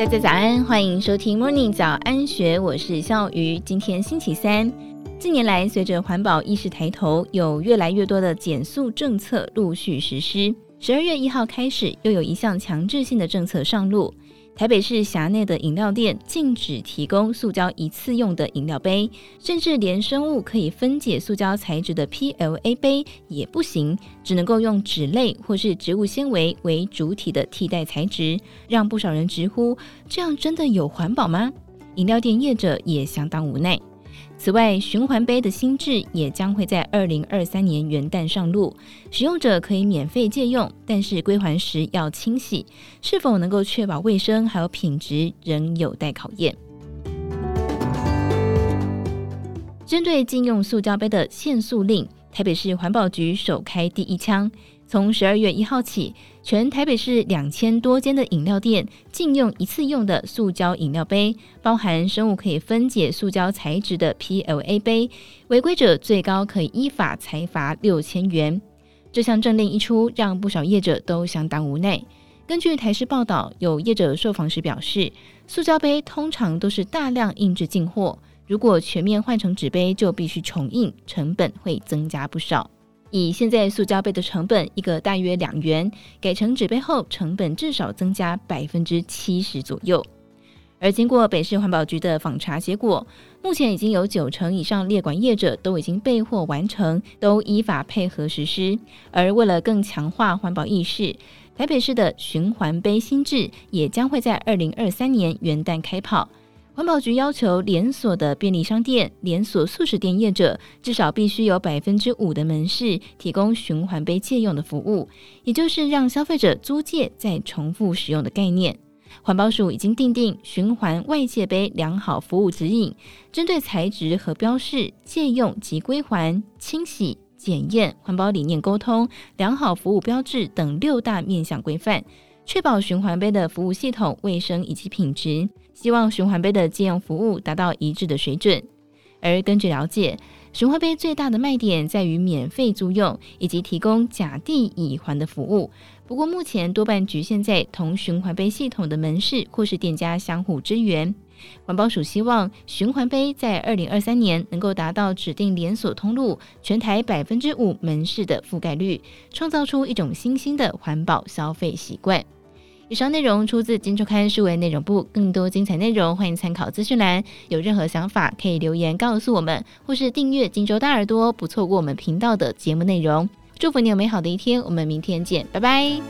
大家早安，歡迎收聽 Morning 早安學，我是笑宇。今天星期三，近年來隨着環保意識抬頭，有越來越多的減塑政策陸續實施。十二月一號開始，又有一項強制性的政策上路。台北市轄內的飲料店禁止提供塑膠一次用的飲料杯，甚至連生物可以分解塑膠材質的 PLA 杯也不行，只能夠用紙類或是植物纖維為主體的替代材質，讓不少人直呼：這樣真的有環保嗎？飲料店業者也相當無奈。此外，循環杯的新制也將會在二零二三年元旦上路，使用者可以免費借用，但是歸還時要清洗。是否能夠確保衛生還有品質，仍有待考驗。針對禁用塑膠杯的限塑令，台北市環保局首開第一槍。從十二月一號起，全台北市兩千多間的飲料店禁用一次用的塑膠飲料杯，包含生物可以分解塑膠材質的 PLA 杯。違規者最高可以依法裁罰六千元。這項政令一出，讓不少業者都相當無奈。根據台視報道，有業者受訪時表示，塑膠杯通常都是大量印制進貨，如果全面換成紙杯，就必須重印，成本會增加不少。以現在塑膠杯的成本，一個大約兩元，改成紙杯後，成本至少增加百分之七十左右。而經過北市環保局的訪查結果，目前已經有九成以上列管業者都已經備貨完成，都依法配合實施。而為了更強化環保意識，台北市的循環杯新制也將會在二零二三年元旦開跑。環保局要求連鎖的便利商店、連鎖速食店業者，至少必須有百分之五的門市提供循環杯借用的服務，也就是讓消費者租借再重複使用的概念。環保署已經訂定《循環外借杯良好服務指引》，針對材質和標示、借用及歸還、清洗、檢驗、環保理念溝通、良好服務標誌等六大面向規範。確保循環杯的服務系統衛生以及品質，希望循環杯的借用服務達到一致的水準。而根據了解，循環杯最大的賣點在於免費租用以及提供甲地乙還的服務。不過目前多半局限在同循環杯系統的門市或是店家相互支援。環保署希望循環杯在二零二三年能夠達到指定連鎖通路全台百分之五門市的覆蓋率，創造出一種新興的環保消費習慣。以上內容出自《今周刊》數位內容部。更多精彩內容，歡迎參考資訊欄。有任何想法，可以留言告訴我們，或是訂閱《今周大耳朵》，不錯過我們頻道的節目內容。祝福你有美好的一天，我們明天見，拜拜。